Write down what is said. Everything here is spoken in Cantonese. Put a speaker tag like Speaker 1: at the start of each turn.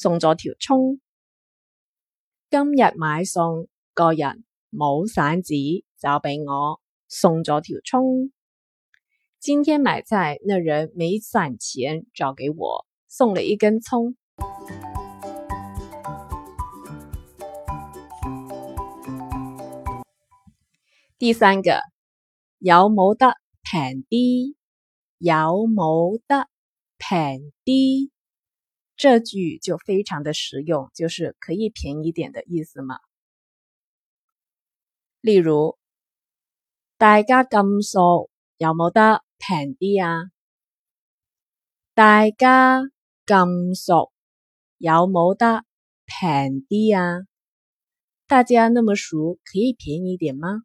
Speaker 1: 送咗條蔥，今日買餸個人冇散紙，就俾我送咗條蔥。今天買菜那人沒散錢，找給我送了一根蔥。第三個，有冇得平啲？有冇得平啲？有這句就非常的實用，就是可以便宜點的意思嘛。例如，大家咁熟，有冇得平啲啊？大家咁熟，有冇得平啲啊？大家那麼熟，可以便宜點嗎？